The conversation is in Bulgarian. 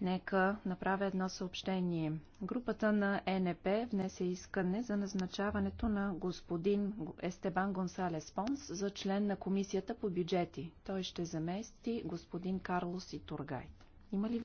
Нека направя едно съобщение. Групата на е НП внесе искане за назначаването на господин Естебан Гонсалес Понс за член на Комисията по бюджети. Той ще замести господин Карлос Итургай. Има ли